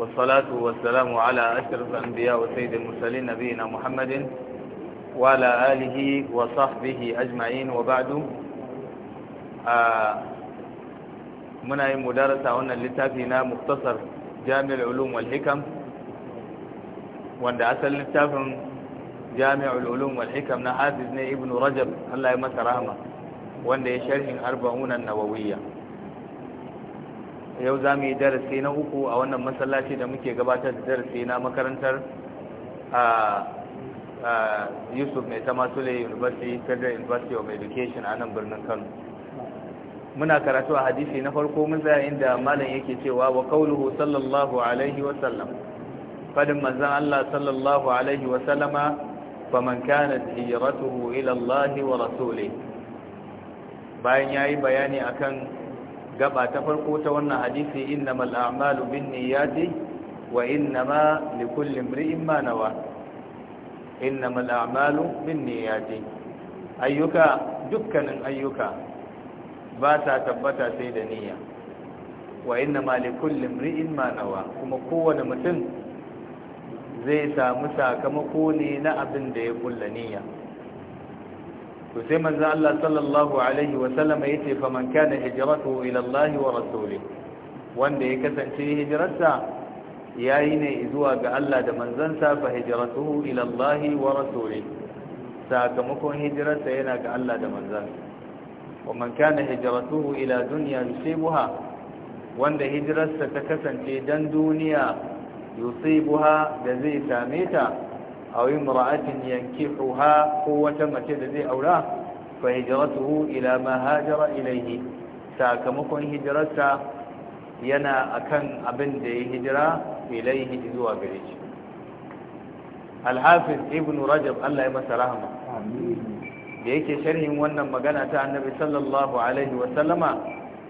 والصلاة والسلام على أشرف الأنبياء وسيد المرسلين نبينا محمد وعلى آله وصحبه أجمعين وبعد آه من أي مدارسة هنا لتافينا مختصر جامع العلوم والحكم وأن أسأل لتافن جامع العلوم والحكم نحافظنا ابن رجب الله يمسى رحمه وأن يشرح أربعون النووية yau za mu yi darasi na uku a wannan masallaci da muke gabatar da darasi na makarantar yusuf mai tama sule university federal university of education a nan birnin kano muna karatu a hadisi na farko mun tsaya inda malam yake cewa wa kauluhu sallallahu alaihi wa sallam fadin manzon Allah sallallahu alaihi wa sallama faman kanat hijratuhu ila Allah wa rasule. bayan yayi bayani akan gaba ta farko ta wannan hadisi innamal a'malu binniyati wa innama likulli imrin ma nawa innamal a'malu binniyati ayyuka dukkanin ayyuka ba ta tabbata sai da niyya wa innama likulli imrin ma nawa kuma kowane mutum zai samu sakamako ne na abin da ya kulla niyya to sai manzo Allah sallallahu alaihi wa sallam yace faman kana hijratuhu ila Allah wa rasulih wanda ya kasance hijirarsa yayi ne zuwa ga Allah da manzansa fa hijratuhu ila Allah wa rasulih sakamakon hijirarsa yana ga Allah da manzansa wa man kana hijratuhu ila dunya yusibuha wanda hijirarsa ta kasance dan duniya yusibuha da zai same ta a aw imra'atin yankihuha ko wata mace da zai aura fa hijratuhu ila ma hajara ilayhi sakamakon hijirarsa yana akan abin da ya hijira ilayhi zuwa gare shi al-hafiz ibn rajab Allah ya masa da yake sharhin wannan magana ta annabi sallallahu alaihi wa sallama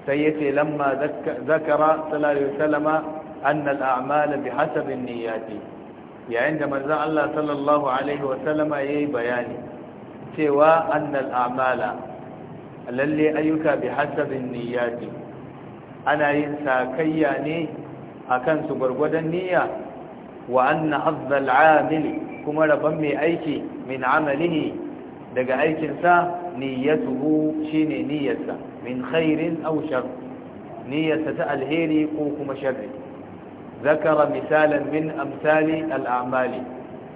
sai yace lamma zakara sallallahu alaihi wa sallama anna al-a'mal bihasabi an yayin da manzan Allah sallallahu alaihi wasallama yayi bayani cewa annal a'mala lalle ayyuka bi hasabin niyyati ana yin sakayya ne akan su gwargwadon niyya wa anna hazzal 'amil kuma rabban mai aiki min amalihi daga aikinsa niyyatuhu shine niyyarsa min khairin aw shar niyyarsa ta alheri ko kuma sharri zakara misalan min amsali al'amali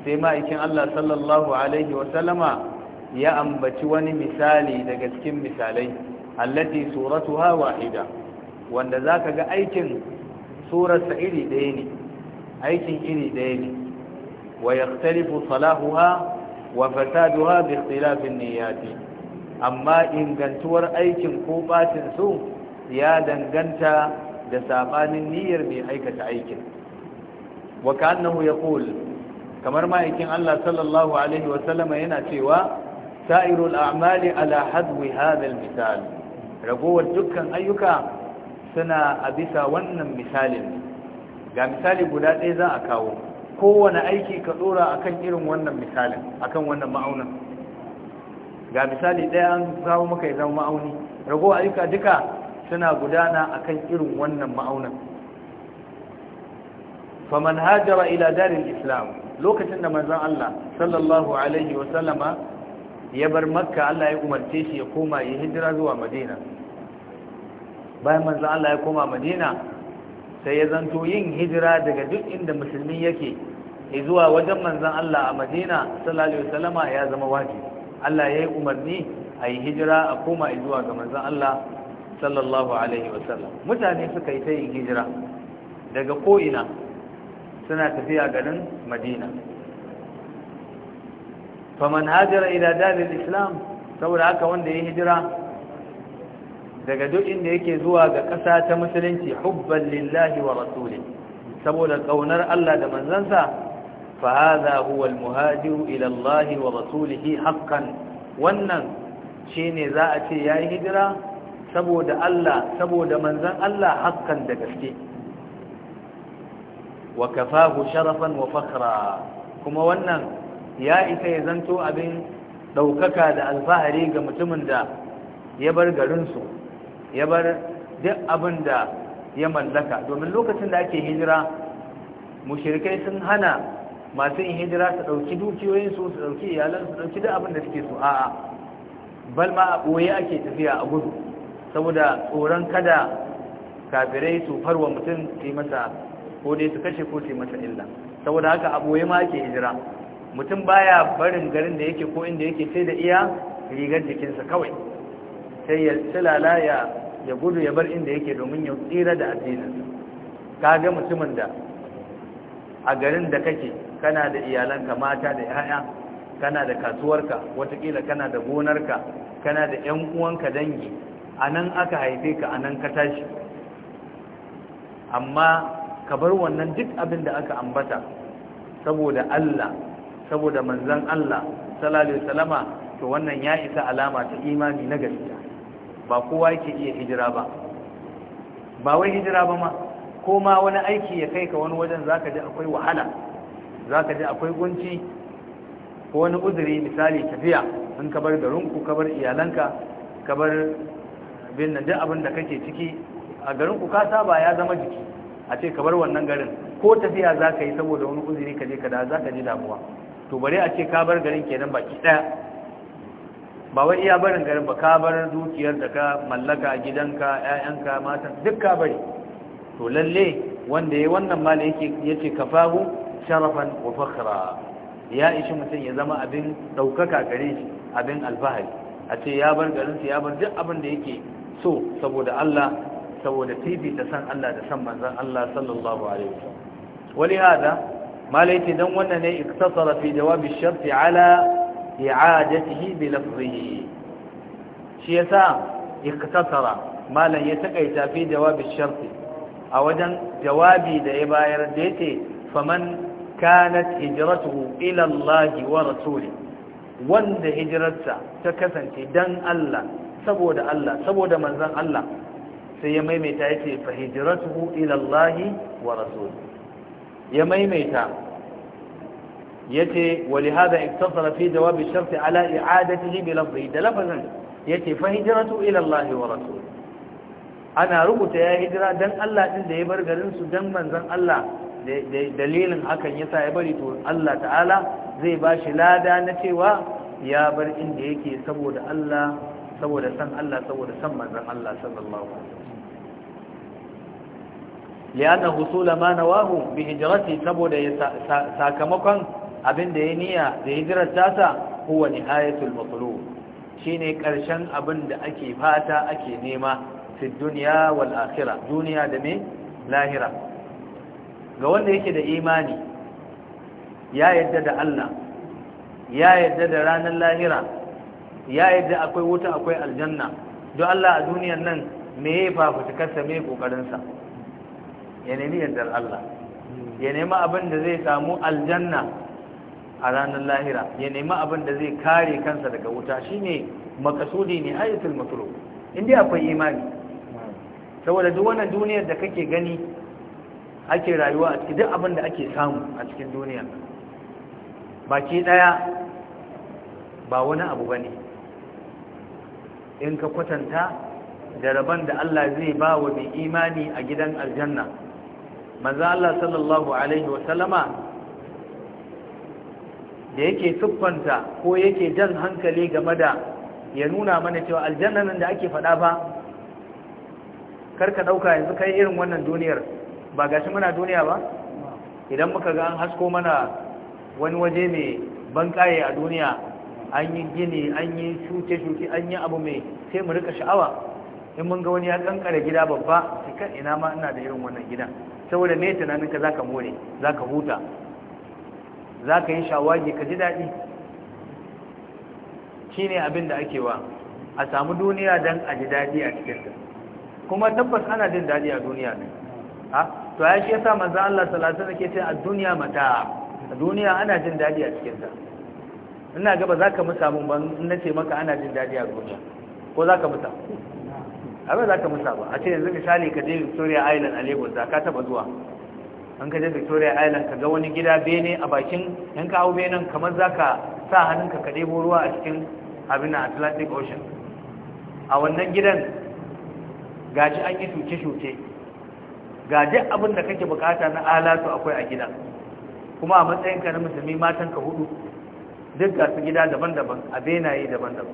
sai ma'aikin Allah sallallahu ya ambaci wani misali daga cikin misalai allati suratuha wahida wanda zaka ga aikin surarsa iri ɗaya ne aikin iri ɗaya ne wa yaxtalifu salahuha wa fasaduha bi ikhtilafin niyyati amma ingantuwar aikin ko batin su ya danganta da sabanin niyyar mai aikata aikin wa kannahu yaqul kamar ma'aikin Allah sallallahu alaihi wa sallama yana cewa sa'irul a'mali ala hadwi hadha misal ragowar dukkan ayyuka suna a bisa wannan misalin ga misali guda ɗaya za a kawo kowane aiki ka ɗora akan irin wannan misalin Akan wannan ma'aunin ga misali ɗaya an kawo maka ya zama ma'auni Ragowar ayyuka duka suna gudana akan irin wannan ma'aunin faman hajara ila darin islam lokacin da manzan Allah sallallahu alaihi wa sallama ya bar makka Allah ya umarce shi ya koma ya hijira zuwa madina bayan manzan Allah ya koma madina sai ya zanto yin hijira daga duk inda musulmi yake zuwa wajen manzan Allah a madina sallallahu alaihi wa sallama ya zama wajibi Allah ya yi umarni a yi hijira a koma zuwa ga manzan Allah sallallahu alaihi wasallam mutane suka yi ta hijira daga ko'ina suna tafiya garin madina faman hajjara ila dalil islam saboda haka wanda ya hijira daga duk inda yake zuwa ga ƙasa ta musulunci hubban lillahi wa rasuli saboda kaunar Allah da manzansa fa hadha huwa almuhajiru ila Allah wa rasulihi haqqan wannan shine za a ce yayi hijira saboda Allah saboda manzan Allah hakan da gaske wa kafahu sharafan wa fakhra kuma wannan ya isa ya zanto abin daukaka da alfahari ga mutumin da ya bar garinsu ya bar duk abin da ya mallaka domin lokacin da ake hijira mushirikai sun hana masu yin hijira su ɗauki dukiyoyinsu su ɗauki iyalansu su ɗauki duk abin da suke so a'a bal ma a ɓoye ake tafiya a gudu saboda tsoron kada kafirai su farwa mutum su yi masa ko dai su kashe ko su masa illa saboda haka aboye ma ake hijira mutum baya barin garin da yake ko inda yake sai da iya rigar jikinsa kawai sai ya tsilala ya gudu ya bar inda yake domin ya tsira da addinin. Ka ga mutumin da a garin da kake kana da iyalanka mata da yaya kana da kasuwarka watakila kana da gonarka kana da 'yan uwanka dangi a nan aka haife ka a nan ka tashi amma ka bar wannan duk abin da aka ambata saboda Allah saboda manzan Allah sallallahu salama to wannan ya isa alama ta imani na gaskiya ba kowa yake iya hijira ba ba wai hijira ba ma ko ma wani aiki ya kai ka wani wajen zaka ji akwai wahala zaka ji akwai gunci ko wani uzuri misali tafiya in ka bar garinku ka bar iyalanka ka bar bin nan duk abin da kake ciki a garin ku ka saba ya zama jiki a ce kabar wannan garin ko tafiya za ka yi saboda wani uzuri ka je ka za ka ji damuwa to bare a ce ka bar garin kenan baki ɗaya ba wai iya barin garin ba ka bar dukiyar da ka mallaka gidanka ƴaƴanka matan duk ka bari to lalle wanda yayi wannan mala yake yace kafahu sharafan wa fakhra ya ishi mutum ya zama abin daukaka gare shi abin alfahari a ce ya bar garin ya bar duk abin da yake so saboda Allah saboda san Allah da san manzon Allah sallallahu alaihi wasallam hada malaiti dan wannan ne iktasara fi jawab ash ala i'adatihi bi lafzihi shi yasa iktasara malan ya takaita fi jawabi ash a wajen jawabi da ya bayar da yake faman kanat hijratuhu ila Allah wa rasuli wanda hijrarsa ta kasance dan Allah saboda Allah saboda manzon Allah sai ya maimaita yace fa hijratuhu ila Allah wa rasul ya maimaita ya ce yace walihada iktasara fi jawab ash-shart ala i'adatihi bi lafzi da lafazan yace fa hijratu ila Allah wa rasul ana rubuta ya hijira dan Allah din da ya bar garin su dan manzan Allah dalilin hakan yasa ya bari to Allah ta'ala zai bashi lada na cewa ya bar inda yake saboda Allah saboda san Allah saboda san manzon Allah sallallahu alaihi wasallam lianna husula ma nawahu bi hijrati saboda sakamakon abin da ya niyya da hijrar sa, huwa nihayatul matlub shine karshen abin da ake fata ake nema fi dunya wal akhirah duniya da me lahira ga wanda yake da imani ya yadda da Allah ya yadda da ranar lahira ya yadda akwai wuta akwai aljanna don Allah a duniyan nan me ya fafutukarsa me kokarinsa ya nemi yardar Allah ya nemi abin da zai samu aljanna a ranar lahira ya nemi abin da zai kare kansa daga wuta shine makasudi ne ayatul matlub indai akwai imani saboda duk wannan duniyar da kake gani ake rayuwa a cikin duk abin da ake samu a cikin duniyar baki daya ba wani abu bane in ka kwatanta da rabon da Allah zai ba wa mai imani a gidan aljanna maza Allah sallallahu alaihi wasallama da yake tuffanta ko yake jan hankali game da ya nuna mana cewa aljanna nan da ake faɗa ba karka ɗauka yanzu kai irin wannan duniyar ba gashi muna duniya ba idan muka ga an hasko mana wani waje mai bankaye a duniya an yi gini an yi shuke-shuke an yi abu mai sai mu rika sha'awa in mun ga wani ya kankara gida babba sai kan ina ma ina da irin wannan gidan saboda me tunanin ka zaka more zaka huta zaka yi shawagi ka ji daɗi shine abin da ake wa a samu duniya dan a ji daɗi a cikin ta kuma tabbas ana jin daɗi a duniya ne ha ah, to ya shi yasa manzo Allah sallallahu alaihi wasallam ke cewa a duniya mata a duniya ana jin daɗi a cikin ta ina gaba za ka musa mun ban na ce maka ana jin daɗi a duniya ko za ka musa abin za ka musa ba a ce yanzu misali ka je victoria island a lagos da ka taba zuwa an ka je victoria island ka ga wani gida bene a bakin yan ka hau benen kamar za ka sa hannunka ka ɗebo ruwa a cikin abin atlantic ocean a wannan gidan gaji an yi shuke-shuke gaji abin da kake bukata na alatu akwai a gidan kuma a matsayinka na musulmi matanka hudu duk ga su gida daban-daban a benaye daban-daban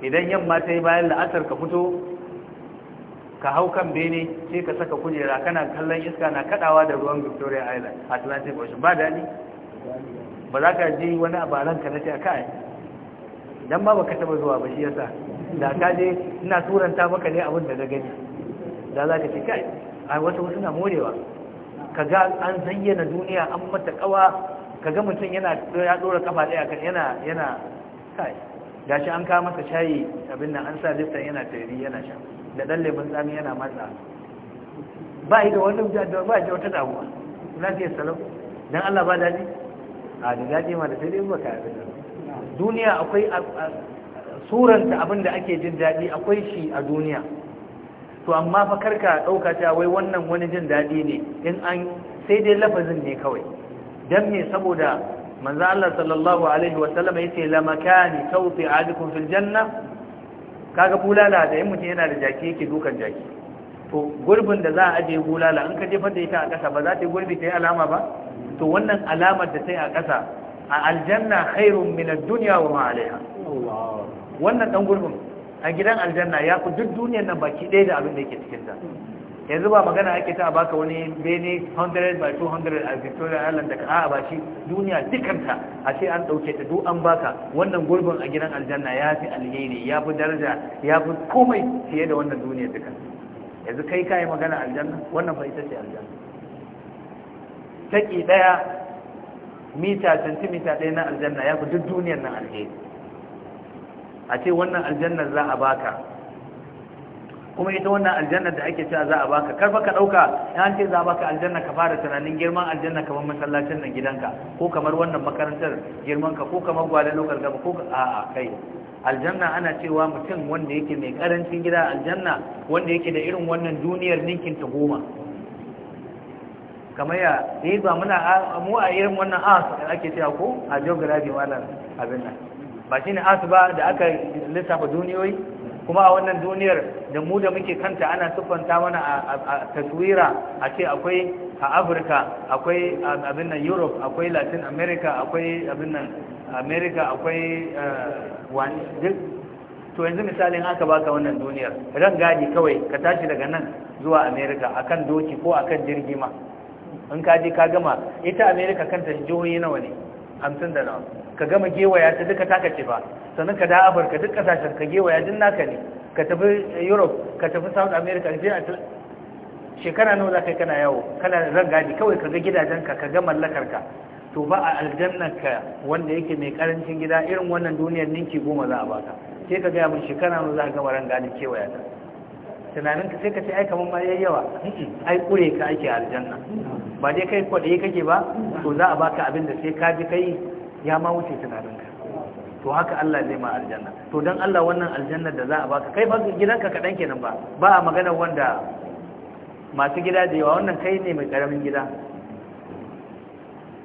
idan yamma ta yi bayan la'asar ka fito ka hau kan bene sai ka saka kujera kana kallon iska na kadawa da ruwan victoria island atlantic ocean ba dani ba za ka ji wani abaran ka na ce a kai don ba baka taba zuwa ba shi yasa da ka je ina turanta maka ne abin da na gani da za ka ce kai a wata wasu na morewa ka ga an zayyana duniya an mata kawa ka ga mutum yana ya dora kafa daya kan yana yana kai gashi an ka masa shayi abin nan an sa lifta yana tari yana sha da dan lebin tsami yana matsa ba ido wani da ba da wata damuwa lafiya salam dan Allah ba daji a da daji ma da sai dai ba kai abin duniya akwai suranta abin da ake jin daɗi akwai shi a duniya to amma fa karka ɗauka ta wai wannan wani jin daɗi ne in an sai dai lafazin ne kawai dan me saboda manzo Allah sallallahu alaihi wa sallam yace la makani tawfi adukum fil janna kaga bulala da yin mutum yana da jaki yake dukan jaki to gurbin da za a aje bulala in ka jefar da ita a kasa ba za ta yi gurbi ta yi alama ba to wannan alamar da ta yi a ƙasa a aljanna khairun min ad-dunya wa ma alaiha wannan dan gurbin a gidan aljanna ya ku duk duniyar nan baki ɗaya da abin da yake cikin ta yanzu ba magana ake ta baka wani bene 100 by 200 a victoria island da ka'a ba shi duniya dukanta a ce an dauke ta duk an baka wannan gurbin a gidan aljanna ya fi alheri ya fi daraja ya fi komai fiye da wannan duniya duka yanzu kai ka yi magana aljanna wannan fa ita ce aljanna taki daya mita centimita daya na aljanna ya fi duk duniyar nan alheri a ce wannan aljannar za a baka kuma ita wannan aljanna da ake cewa za a baka kar baka dauka an ce za a baka aljanna ka fara tunanin girman aljanna kamar masallacin nan gidanka ko kamar wannan makarantar girman ka ko kamar gwale lokal gaba ko a'a kai aljanna ana cewa mutum wanda yake mai karancin gida aljanna wanda yake da irin wannan duniyar ninkin ta goma kamar ya yi eh, ba muna mu a irin wannan as ake cewa ko a geography wannan abin nan ba shine as ba da aka lissafa duniyoyi kuma a wannan duniyar da mu da muke kanta ana siffanta mana a taswira a ce akwai a afirka akwai abin nan europe akwai latin america akwai abin nan america akwai eh, wani duk to yanzu misalin aka baka wannan duniyar ran gadi kawai ka tashi daga nan zuwa america akan doki ko akan jirgi ma in ka je ka gama ita america kanta jihohi nawa ne hamsin da nawa ka gama gewaya ta duka taka ce ba sannan ka da afirka duk kasashen ka gewaya duk naka ne ka tafi europe ka tafi south america ka je a shekara nawa za ka yi kana yawo kana ne kawai ka ga gidajenka ka ga mallakarka to ba a aljannarka wanda yake mai karancin gida irin wannan duniyar ninki goma za a baka sai ka gaya min shekara nawa za ka gama ne kewaya ta tunanin ka sai ka ce ai kamar ma yayi yawa ai kure ka ake aljanna ba dai kai kwaɗe kake ba to za a baka abin da sai ka ji kai ya ma wuce ka, to haka Allah zai ma aljanna to dan Allah wannan aljanna da za a baka kai ba gidanka kadan kenan ba ba a magana wanda masu gida da yawa wannan kai ne mai karamin gida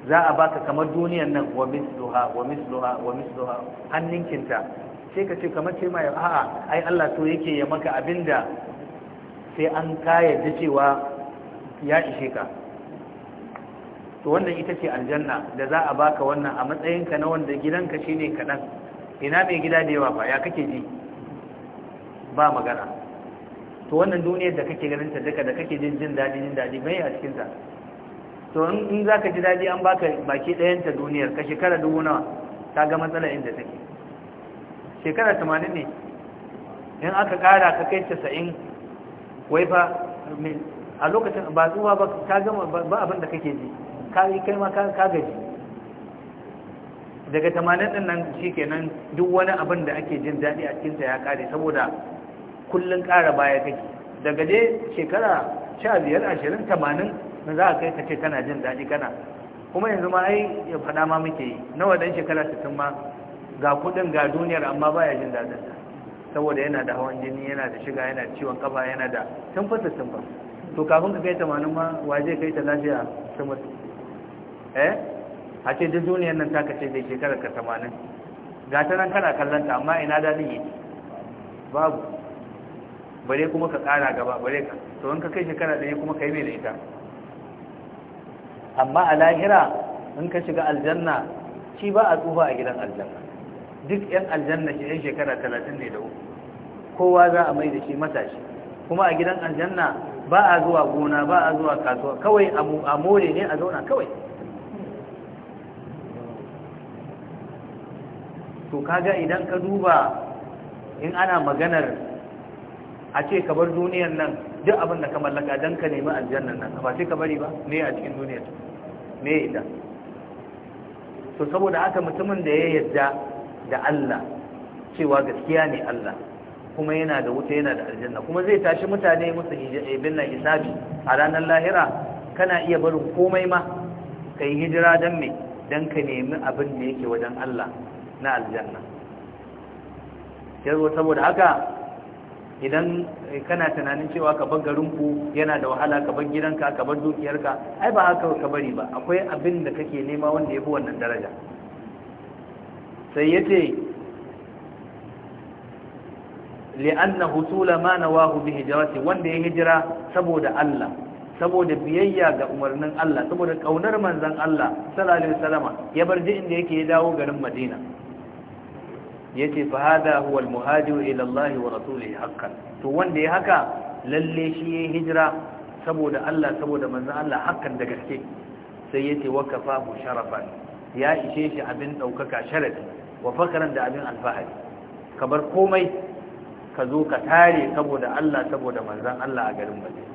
za a baka kamar duniyan nan wa misluha wa misluha wa misluha hanninkinta sai ka ce kamar ce mai a'a ai Allah to yake ya maka abinda sai an kayyade cewa ya ishe ka to wannan ita ce aljanna da za a baka wannan a matsayinka na wanda gidanka shi ne kaɗan ina mai gida da yawa fa ya kake ji ba magana to wannan duniyar da kake ganin ta duka da kake jin jin daɗi jin daɗi mai a cikin ta to in za ka ji daɗi an baka baki ɗayan ta duniyar ka shekara dubu nawa ta ga matsala inda take shekara tamanin ne in aka ƙara ka kai casa'in wai fa a lokacin ba tsuwa ba ta gama ba abin da kake ji kai kai ma ka gaji daga tamanin din nan shikenan duk wani abin da ake jin daɗi a cikinsa ya kare saboda kullun kara baya kake daga je shekara sha biyar ashirin tamanin na za ka kai ka ce kana jin daɗi kana kuma yanzu ma ai ya faɗa ma muke yi nawa ɗan shekara sittin ma ga kuɗin ga duniyar amma baya jin daɗin saboda yana da hawan jini yana da shiga yana da ciwon kafa yana da tun fa sittin ba to kafin ka kai tamanin ma waje kai ta lafiya ta mutu eh a ce duk duniyar nan ta kace zai shekarar ka tamanin ga ta nan kana kallanta amma ina daɗin yi. babu bare kuma ka ƙara gaba bare ka to in ka kai shekara ɗaya kuma ka yi mai da ita amma a lahira in ka shiga aljanna shi ba a tsufa a gidan aljanna duk 'yan aljanna shi 'yan shekara talatin ne da uku kowa za a mai da shi matashi kuma a gidan aljanna ba a zuwa gona ba a zuwa kasuwa kawai a more ne a zauna kawai to kaga idan ka duba in ana maganar a ce kabar bar duniyar nan duk abin da ka mallaka don ka nemi aljannan nan ba sai ka bari ba me a cikin duniyar me ita to saboda haka mutumin da ya yadda da Allah cewa gaskiya ne Allah kuma yana da wuta yana da aljanna kuma zai tashi mutane musu ibin eh, nan isabi a ranar lahira kana iya barin komai ma ka yi hijira don me don ka nemi abin da yake wajen Allah na aljanna yanzu saboda haka idan kana tunanin cewa ka bar garinku yana da wahala ka bar gidanka ka bar dukiyarka ai ba haka ka bari ba akwai abin da kake nema wanda ya wannan daraja sai yace ce li'anna husula ma nawahu bi hijrati wanda ya hijira saboda Allah saboda biyayya ga umarnin Allah saboda kaunar manzon Allah sallallahu alaihi wasallama ya bar inda yake ya dawo garin Madina yace fa hada huwa al-muhajiru ila Allah wa rasulihi haqqan to wanda ya haka lalle shi yayi hijira saboda Allah saboda manzon Allah hakan da gaske sai yace wa kafahu sharafan ya ishe shi abin daukaka sharafi wa fakaran da abin alfahari kabar komai ka zo ka tare saboda Allah saboda manzon Allah a garin Madina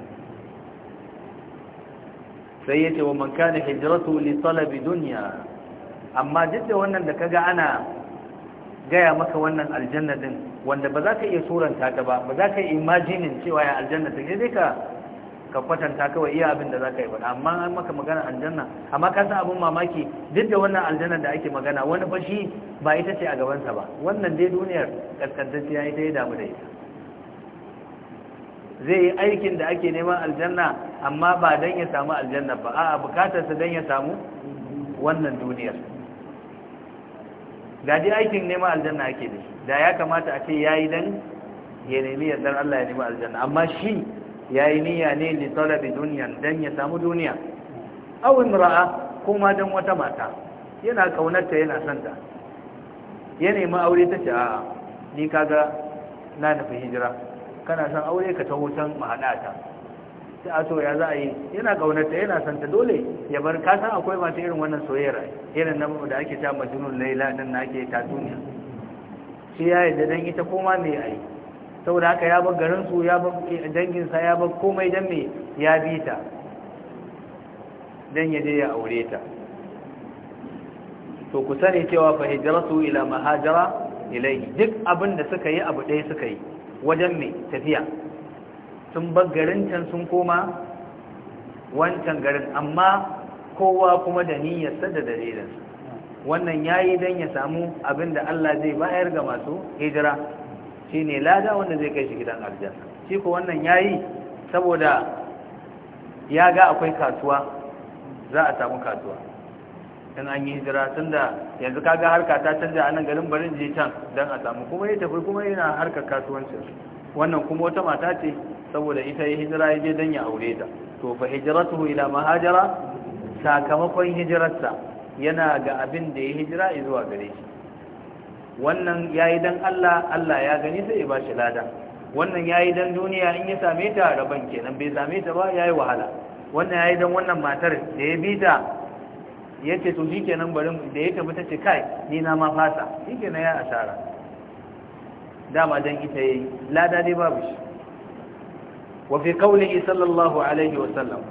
sai yace wa man kana hijratu li talabi dunya amma duk da wannan da kaga ana gaya maka wannan aljanna din wanda ba za ka iya suranta ta ba ba za ka yi imajinin cewa ya aljanna ta ne ka ka kwatanta kawai iya abin da za ka yi ba amma an maka magana aljanna amma ka san abin mamaki duk da wannan aljanna da ake magana wani bashi ba ita ce a gabansa ba wannan dai duniyar kaskantacciya ita ya damu da ita zai yi aikin da ake neman aljanna amma ba don ya samu aljanna ba a'a bukatarsa don ya samu wannan duniyar ga dai aikin neman aljanna ake da shi da ya kamata a ce ya yi dan ya nemi yardar Allah ya nemi aljanna amma shi ya yi niyya ne li talabi dunyan dan ya samu duniya aw imra'a ko ma dan wata mata yana kaunarta yana son ta ya nemi aure ta ce a'a ni kaga na nufi hijira kana son aure ka ta can mahadata sai a so ya za a yi yana kaunarta yana santa dole ya bar kasan akwai mata irin wannan soyayyar irin na da ake ta majnun laila din na ake ta duniya shi ya yadda dan ita koma mai a yi saboda haka ya bar garin su ya bar dangin ya bar komai dan me ya bi ta dan ya je ya aure ta to ku sani cewa fa hijratu ila mahajara ilayhi duk abin da suka yi abu ɗaya suka yi wajen mai tafiya sun bar garin can sun koma wancan garin amma kowa kuma da niyyarsa da dalilinsa wannan yayi dan ya samu abin da Allah zai bayar ga masu hijira shine lada wanda zai kai shi gidan aljanna shi ko wannan yayi saboda ya ga akwai kasuwa za a samu kasuwa in an yi hijira tunda yanzu kaga harka ta canja a nan garin barin je can dan a samu kuma ya tafi kuma yana harkar kasuwancin wannan kuma wata mata ce saboda ita ya hijira ya je don ya aure ta to fa hijiratu ila mahajara sakamakon hijirarsa yana ga abin da ya hijira zuwa gare shi wannan yayi dan Allah Allah ya gani sai ya bashi lada wannan yayi dan duniya in ya same ta raban kenan bai same ta ba yayi wahala wannan yayi dan wannan matar da ya bita yace to shikenan bari da ya tafi ta ce kai ni na ma fasa shikenan ya asara dama dan ita yayi lada dai babu shi وفي قوله صلى الله عليه وسلم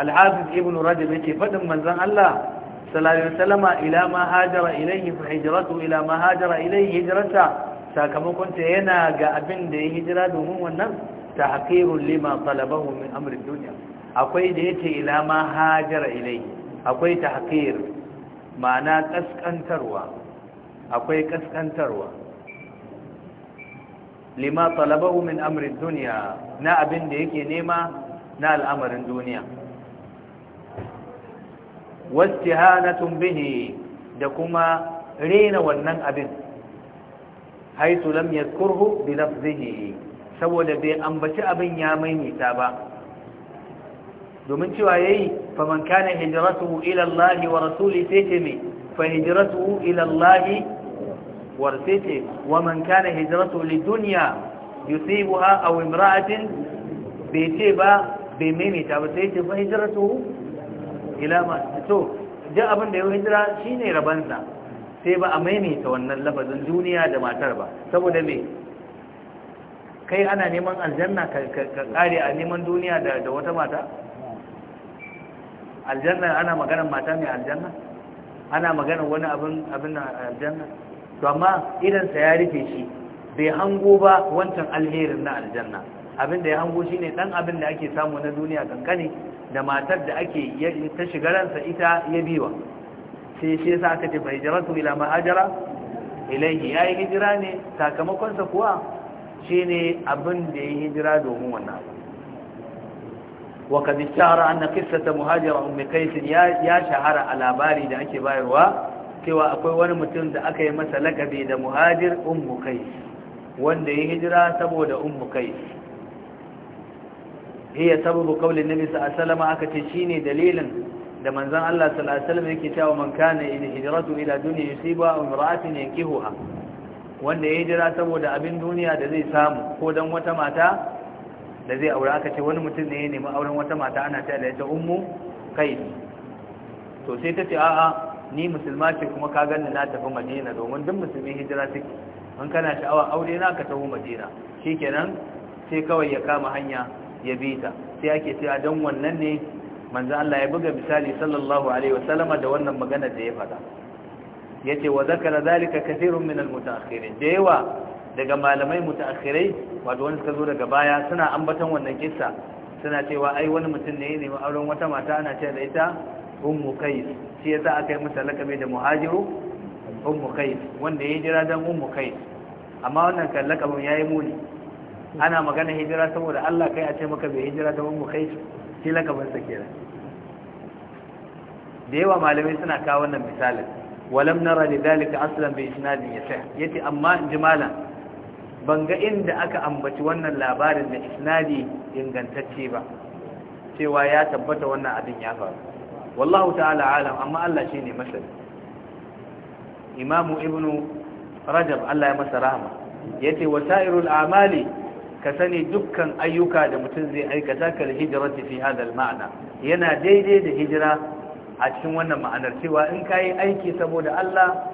الحافظ ابن رجب يتي فدن منزن الله صلى الله عليه وسلم إلى ما هاجر إليه فهجرته إلى ما هاجر إليه هجرته sakamakon ta yana ga abin da ya hijira domin wannan tahqirun lima talabahu min amri dunya akwai da yace ila ma hajara ilayhi akwai tahqir ma'ana kaskantarwa kaskantarwa lima talabahu min amrin duniya na abin da yake nema na al'amarin duniya wastihanatun bihi da kuma rena wannan abin haitu lam yadhkurhu bi lafzihi saboda bai ambaci abin ya maimaita ba domin cewa yayi faman kana hijratuhu ila Allah wa rasuli sai ce me fa hijratuhu ila Allah uwar ومن كان هجرته للدنيا kana او امراه بيتبا yusibuha aw imra'atin الى ce ba bai ابن ba sai ce fa hijratu ila ma to abin da ya hijira sai ba a maimaita wannan lafazin duniya da matar ba saboda me kai ana neman aljanna ka kare a neman duniya da wata mata aljanna ana maganar mata mai aljanna ana maganar wani abin abin aljanna to amma idansa ya rufe shi bai hango ba wancan alherin na aljanna abin da ya hango shine dan abin da ake samu na duniya kankane da matar da ake ta shiga ransa ita ya biwa sai shi sa aka ce bai hijratu ila ma ilaihi ya yi hijira ne sakamakonsa sa kuwa shine abin da ya hijira domin wannan wa kad ishara anna qissata muhajira ummi qais ya shahara a labari da ake bayarwa cewa akwai wani mutum da aka yi masa lakabi da muhajir ummu kai wanda ya hijira saboda ummu kai hiya sababu kaulin nabi sallallahu alaihi aka ce shi ne dalilin da manzan Allah sallallahu alaihi wasallam yake cewa man kana in hijratu ila dunya yusiba aw imra'atin yankihuha wanda ya hijira saboda abin duniya da zai samu ko dan wata mata da zai aure aka ce wani mutum ne ya nemi auren wata mata ana ta da ita ummu kai to sai ta ce a'a ni musulma ce kuma ka ganni na tafi madina domin duk musulmi hijira take in kana sha'awa aure na ka tafi madina shikenan sai kawai ya kama hanya ya bi ta sai ake cewa dan wannan ne manzo Allah ya buga misali sallallahu alaihi wasallama da wannan magana da ya faɗa yace wa zakara zalika kathirun min almutaakhirin da daga malamai mutaakhirai wato wanda suka zo daga baya suna ambaton wannan kissa suna cewa ai wani mutum ne ne auren wata mata ana cewa da ita ummu kais shi yasa aka yi mata lakabi da muhajiru ummu kais wanda ya jira dan ummu kais amma wannan kan lakabin yayi muni ana magana hijira saboda Allah kai a ce maka bai hijira dan ummu kais shi lakabin sa kenan da yawa malamai suna kawo wannan misalin walam nara lidalika aslan bi isnadin yasih Yati amma in ji malam ban ga inda aka ambaci wannan labarin da isnadi ingantacce ba cewa ya tabbata wannan abin ya faru wallahu ta'ala alam amma Allah shine masani imamu ibnu rajab Allah ya masa rahma. rahama yace wasairul a'mali ka sani dukkan ayyuka da mutum zai aikata kal hijrati fi hada al yana daidai da hijira a cikin wannan ma'anar cewa in kai aiki saboda Allah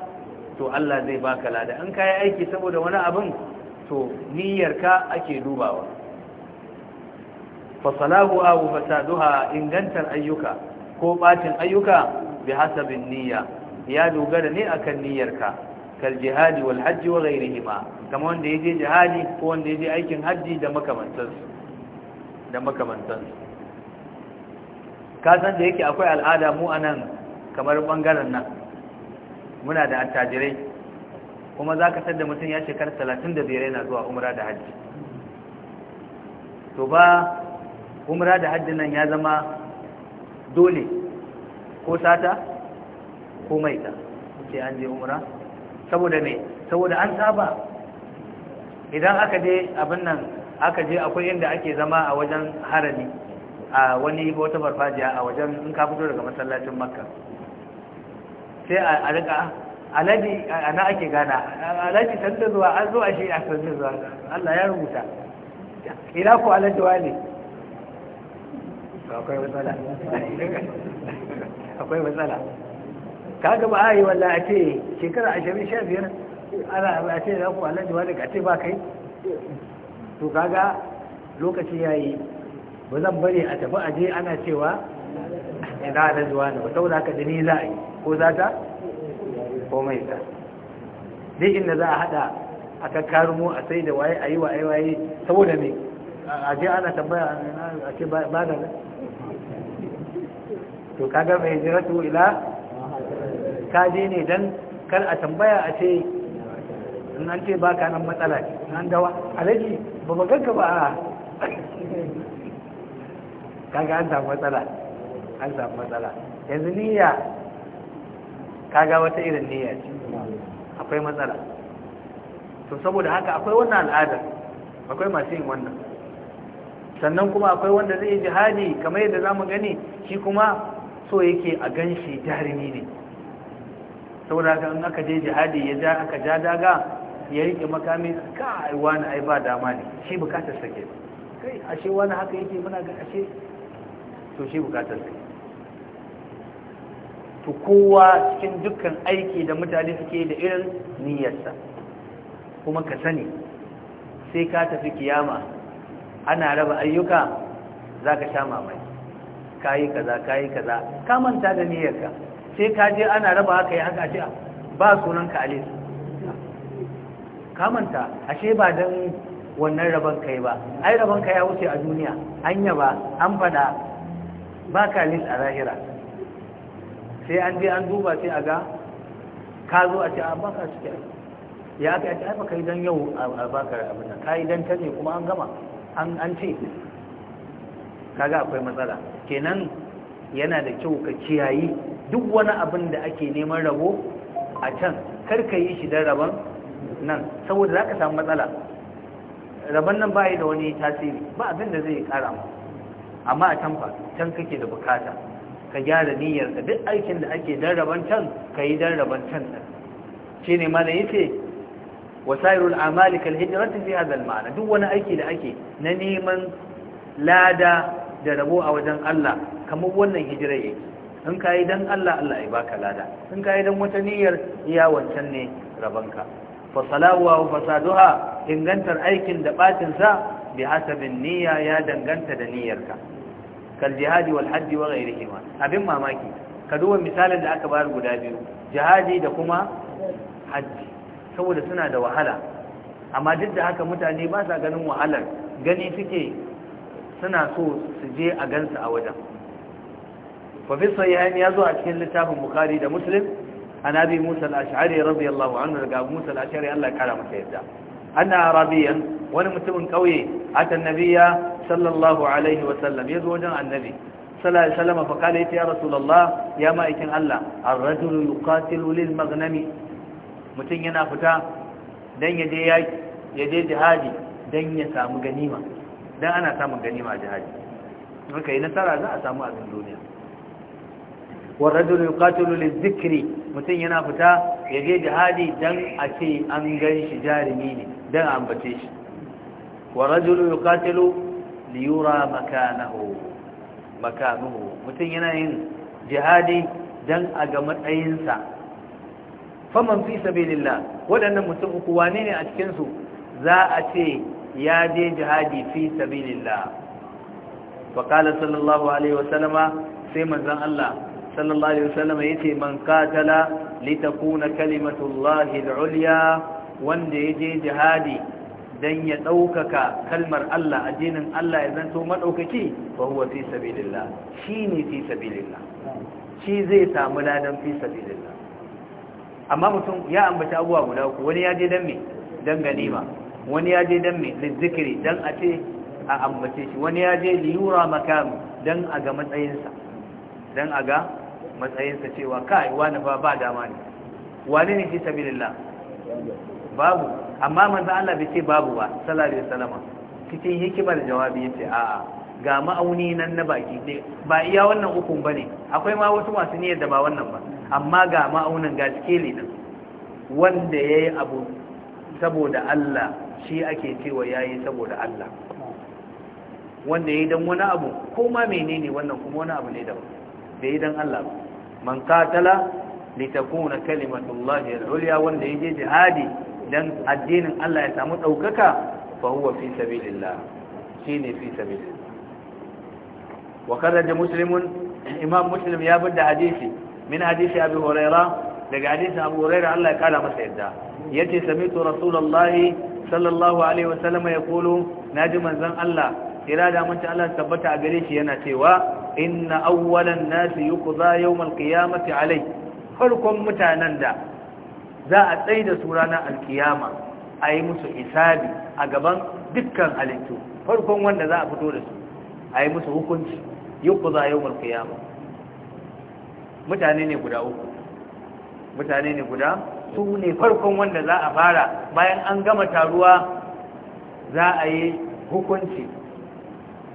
to Allah zai baka lada in kai aiki saboda wani abin to ka ake dubawa fa salahu aw fasaduha ingantar ayyuka ko bacin ayyuka bi hasabin niyya ya dogara ne akan niyyarka kal jihadi wal hajji wa ghayrihima kamar wanda yaje jihadi ko wanda yaje aikin haji da makamantansu da makamantan ka san da yake akwai al'ada mu anan kamar bangaren nan muna da attajirai kuma za ka sadda mutum ya shekar 35 yana zuwa umra da hajji to ba umra da hajji nan ya zama dole ko sata ko maita sai an je umra saboda me saboda an saba idan aka je abin nan aka je akwai inda ake zama a wajen harami a wani wata farfajiya a wajen in ka fito daga masallacin makka sai a rika alaji ana ake gana alaji sanda zuwa an zo a shi a sanda zuwa Allah ya rubuta ila ku alaji wani akwai matsala akwai matsala ba a yi wanda a ce shekara ashirin sha biyar ana a ce za ku alhaji wani a ce ba kai to kaga lokaci ya yi ba zan bari a tafi aje ana cewa ina alhaji wani ba sau haka da ni za a yi ko za ta ko mai ta duk inda za a hada a kakkarmu a sai da waye a yi wa aiwaye saboda me a je ana tambaya a ce ba da nan to kaga mai hijiratu ila ka je ne dan kar a tambaya a ce in an ce ba ka nan matsala nan dawa alaji ba ba ganka ba a kaga an samu matsala an samu matsala yanzu niyya kaga wata irin niyya ce akwai matsala to saboda haka akwai wannan al'adar akwai masu yin wannan sannan kuma akwai wanda zai yi jihadi kamar yadda za mu gani shi kuma so yake a gan shi jarumi ne saboda haka in aka je jihadi ya ja aka ja daga ya rike makami ka ai wani ai ba dama ne shi bukatar sake kai ashe wani haka yake muna ga ashe to shi bukatar sake to kowa cikin dukkan aiki da mutane suke da irin niyyarsa kuma ka sani sai ka tafi kiyama ana raba ayyuka za ka sha mamaki kayi kaza kayi kaza ka manta da niyyarka sai ka je ana raba haka yi haka ce ba sunanka a lesa ka manta ashe ba don wannan rabon kai ba ai rabon kai ya wuce a duniya anya ba an fada ba ka lesa a zahira sai an je an duba sai a ga ka zo a ce a baka cikin ya aka yi ba ka yi don yau a bakar abin nan ka yi don ta ne kuma an gama an ce kaga akwai matsala kenan yana da kyau ka kiyayi duk wani abin da ake neman rabo a can karka yi shi don rabon nan saboda za ka samu matsala rabon nan bayi da wani tasiri ba abin da zai kara mu amma a can fa can kake da bukata ka gyara niyyar ka. duk aikin da ake don rabon can ka yi don rabon can shi ne mana ce wasairul amali kal hijrati fi hadha al duk wani aiki da ake na neman lada da rabo a wajen Allah kamar wannan hijira yake in kai dan Allah Allah ya baka lada in kai dan wata niyyar iya wancan ne rabanka fa salawa wa fasaduha ingantar aikin da batin sa bi hasabin niyya ya danganta da niyyarka kal jihadi wal hajji wa ghayrihima abin mamaki ka duba misalin da aka bayar guda biyu jihadi da kuma hajji saboda suna da wahala amma duk da haka mutane ba sa ganin wahalar gani suke suna so su je a gansa a wajen fafi sahihain ya zo a cikin littafin bukari da muslim an abi musa al-ash'ari radiyallahu anhu daga musa al-ash'ari Allah ya kara masa yadda anna arabiyan wani mutumin kauye atan nabiyya sallallahu alaihi wa sallam yazo wajen annabi sallallahu alaihi wa sallam fa kale ya rasulullah ya ma'aikin Allah ar-rajulu yuqatilu lil maghnami mutum yana fita don ya je jihadi don ya samu ganima don ana samun ganima a jihadi ka yi nasara za a samu abin duniya warrajul yuqatilu zikiri mutum yana fita ya je jihadi don a ce an gan shi jarumi ne don ambace shi warrajul yuqatilu liyura makanahu makanuhu mutum yana yin jihadi don a ga matsayinsa faman fi sabilillah waɗannan mutum uku wane ne a cikin su za a ce ya je jihadi fi sabilillah wa qala sallallahu alaihi wa sallama sai manzon Allah sallallahu alaihi wa sallama yace man qatala litakuna kalimatullahi al-ulya wanda yaje jihadi dan ya ɗaukaka kalmar Allah addinin Allah ya zanto maɗaukaki ba huwa fi sabilillah shi ne fi sabilillah shi zai samu ladan fi sabilillah amma mutum ya ambaci abuwa guda uku wani ya je dan me dan ganima wani ya je dan me lizikiri dan a ce a ambace shi wani ya je liyura makam dan a ga matsayinsa dan a ga matsayinsa cewa kai wani ba ba dama ne wani ne fi sabilillah babu amma manzo Allah bai ce babu ba sallallahu alaihi wasallam cikin hikimar jawabi yace a'a ga ma'auni nan na baki dai ba iya wannan hukun bane akwai ma wasu masu niyyar da ba wannan ba amma ga ma'aunin gaske ne nan wanda ya yi abu saboda Allah shi ake cewa ya yi saboda Allah wanda ya yi don wani abu ko ma menene wannan kuma wani abu ne da da yi don Allah ba? man katala litakuna kalimatullahi al-ulya wanda je jihadi dan addinin Allah ya samu daukaka fa huwa fi sabilillah shine fi sabilillah wa da muslimun imam muslim ya bada hadisi min hadisi abi daga hadisin abu huraira Allah ya kara masa yadda yace sami'tu rasulullahi sallallahu alaihi wasallam yaqulu naji manzon Allah irada manta Allah tabbata a gare shi yana cewa inna awwalan nasi yuqda yawmal qiyamati alai farkon mutanen da za a tsaye da su ranar alkiyama a yi musu isabi a gaban dukkan halittu farkon wanda za a fito da su a yi musu hukunci yuqda mutane ne guda uku mutane ne guda su ne farkon wanda za a fara bayan an gama taruwa za a yi hukunci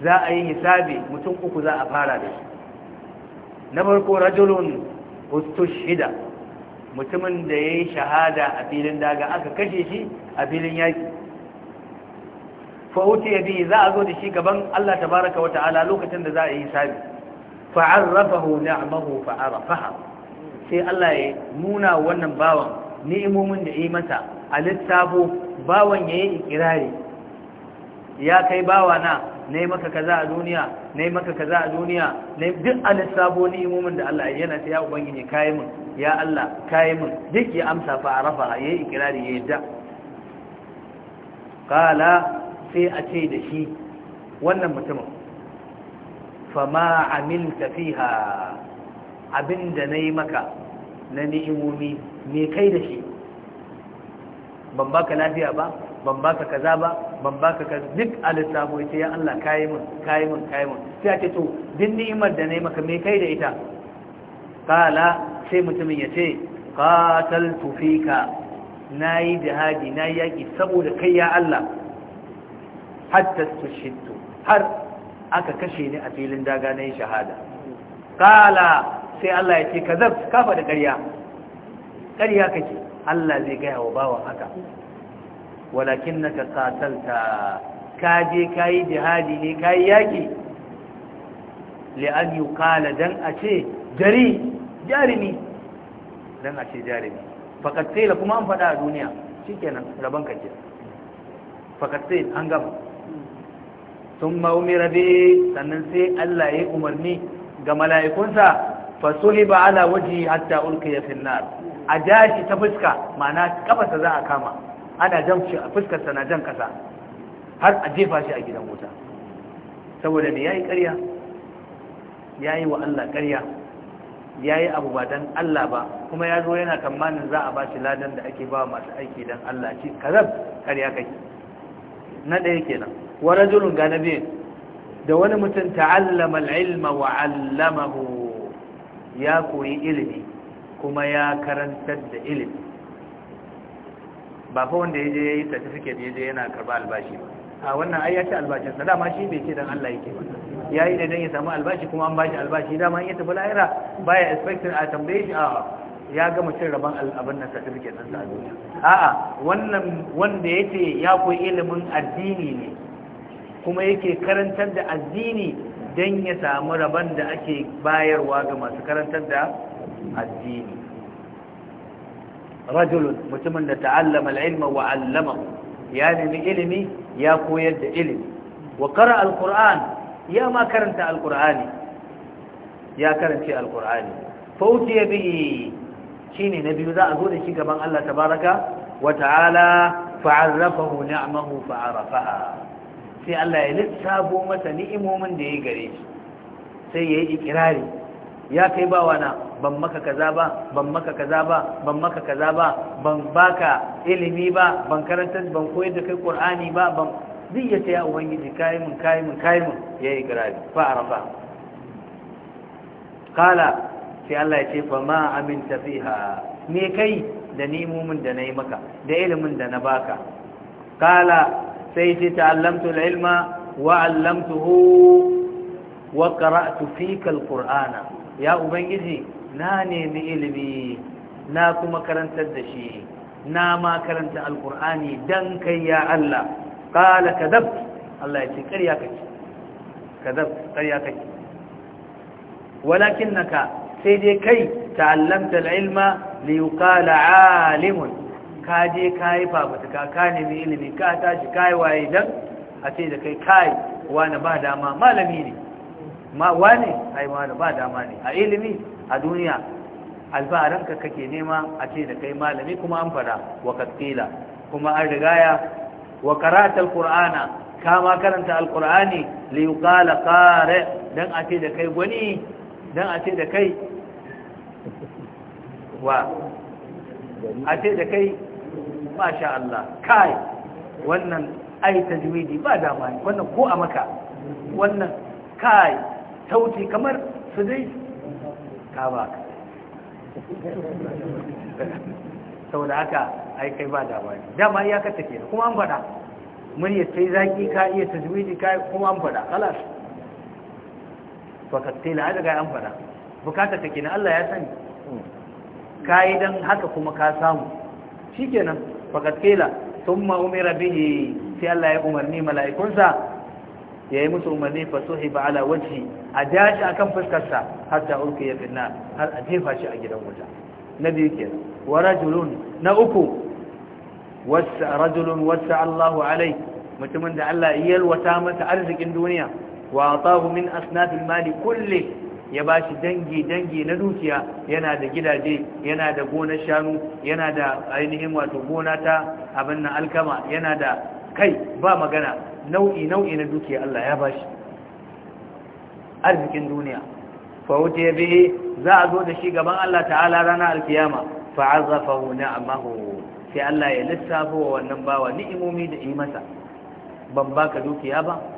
za a yi hisabi mutum uku za a fara da shi na farko rajulun ustushida mutumin da ya yi shahada a filin daga aka kashe shi a filin yaki fa'uti ya biyu za a zo da shi gaban Allah tabaraka Wata'ala lokacin da za a yi hisabi fa'arrafahu ni'amahu fa'arafaha sai Allah ya nuna wannan bawan ni'imomin da yi masa a littafo bawan ya yi ikirari ya kai bawa na Na yi maka kaza a duniya Na yi maka kaza a duniya duk a littafo ni'imomin da Allah yana ta ya ubangiji kayi mun ya Allah kayi mun duk ya amsa Ya yi ikirari ya yadda kala sai a ce da shi wannan mutumin fama amilta fiha abinda na yi maka na ni'imomi me kai da shi ban baka lafiya ba ban baka kaza ba ban baka kaza duk lissafo ita ya Allah kayi min kayi min kayi min sai ake to din ni'imar da na yi maka me kai da ita kala sai mutumin ya ce tufika na yi jihadi yi yaki saboda kai ya Allah har aka kashe ni a filin daga na yin shahada kala sai Allah ya ce ka zab kafa da ƙarya ƙarya kake Allah zai gaya wa bawan haka walakin na ka katalta ka je ka yi jihadi ne ka yi yaƙi li'an yi kala don a ce jari jarimi don a ce jarimi fakat sai kuma an faɗa a duniya shi kenan rabon kake fakat sai an gama sun ma'umira bihi sannan sai Allah ya umarni ga mala'ikunsa fasuli ba ala waje hatta ulkiya finnar a jashi ta fuska ma'ana kafasa za a kama ana jan fuskarsa na jan kasa har a jefa shi a gidan wuta saboda me karya ya yi wa Allah karya ya yi abu ba don Allah ba kuma ya zo yana tamanin za a ba shi ladan da ake ba masu aiki don Allah ce kazab karya kai na ɗaya kenan wa rajulun ga nabi da wani mutum ta'allama al-ilma wa 'allamahu ya koyi ilimi kuma ya karantar da ilimi ba fa wanda yaje yayi certificate yaje yana karba albashi ba a wannan ai ya ci albashin sa dama shi bai ce dan Allah yake ba yayi ne dan ya samu albashi kuma an bashi albashi dama in ya tafi lahira baya expecting a tambaye shi a ya gama cin rabon abin nan certificate din sa a'a wannan wanda yace ya koyi ilimin addini ne kuma yake karantar da addini don ya samu rabon da ake bayarwa ga masu karantar da addini rajulun mutumin da ta'allama al-ilma wa 'allamahu ya nemi ilimi ya koyar da ilimi wa qara al-qur'an ya ma karanta al-qur'ani ya karanta al-qur'ani fauti Shi ne na biyu za a zo da shi gaban Allah tabaraka wa ta'ala fa'arrafahu ni'amahu fa'arafaha sai Allah ya lissafo masa ni'imomin da ya gare shi sai ya yi ikirari ya kai na ban maka kaza ba ban maka kaza ba ban maka kaza ba ban baka ilimi ba ban karanta ban koyar da kai qur'ani ba ban zai ya ubangiji kai mun kai mun kai mun yi ikirari fa arafa kala sai Allah ya ce fa ma aminta fiha me kai da ni'imomin da nayi maka da ilimin da na baka kala sai ce ta'allamtu al-ilma wa 'allamtuhu wa qara'tu fika al-qur'ana ya ubangiji na nemi ilimi na kuma karantar da shi na ma karanta al-qur'ani dan kai ya Allah qala kadab Allah ya ce ƙarya kake kadab ƙarya kake naka sai dai kai ta'allamta al-ilma li yuqala 'alimun ka je ka yi fafutuka ka nemi ilimi ka tashi ka yi waye dan a ce da kai kai wani ba dama malami ne ma wani ai wani ba dama ne a ilimi a duniya alfaharanka kake nema a ce da kai malami kuma an fara wa kaskila kuma an rigaya wa karatar qur'ana kama karanta alqur'ani li yuqala qari dan a ce da kai gwani dan a ce da kai wa a ce da kai masha Allah kai wannan ai tajwidi ba dama ne wannan ko a maka wannan kai sauti kamar su dai ka ba ka saboda haka ai kai ba dama ne dama ya ka take kuma an faɗa ya sai zaki ka iya tajwidi kai kuma an faɗa kalas fakattila an riga an faɗa bukata take na Allah ya sani ka yi don haka kuma ka samu shikenan faqad qila thumma umira bihi sai Allah ya umarni mala'ikunsa yayi musu umarni fa suhiba ala wajhi a dashi akan fuskar har ta ulki ya finna har a jefa shi a gidan wuta nabi ke wa rajulun na uku wasa rajulun Allahu alai mutumin da Allah ya yalwata masa arzikin duniya wa atahu min asnafil mali kulle. ya ba shi dangi-dangi na dukiya yana da gidaje yana da gonar shanu yana da ainihin wato gona ta abin na alkama yana da kai ba magana nau'i-nau'i na dukiya Allah ya ba shi arzikin duniya fahimta ya biye za a zo da shi gaban Allah ta'ala ranar alkiyama fa'azafahu na'amahu sai Allah ya lissafo wa wannan bawa ni'imomi da yi masa ban baka dukiya ba